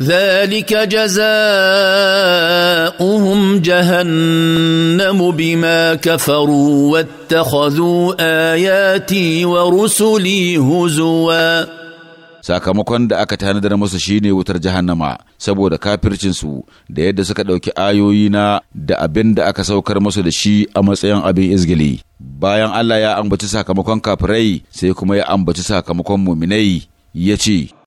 ذلك جزاؤهم جهنم بما كفروا واتخذوا آياتي ورسلي هزوا sakamakon da aka tanadar masa shine wutar jahannama saboda kafircinsu da yadda suka ɗauki ayoyina da abin da aka saukar masu da shi a matsayin abin izgili bayan Allah ya ambaci sakamakon kafirai sai kuma ya ambaci sakamakon muminai ya ce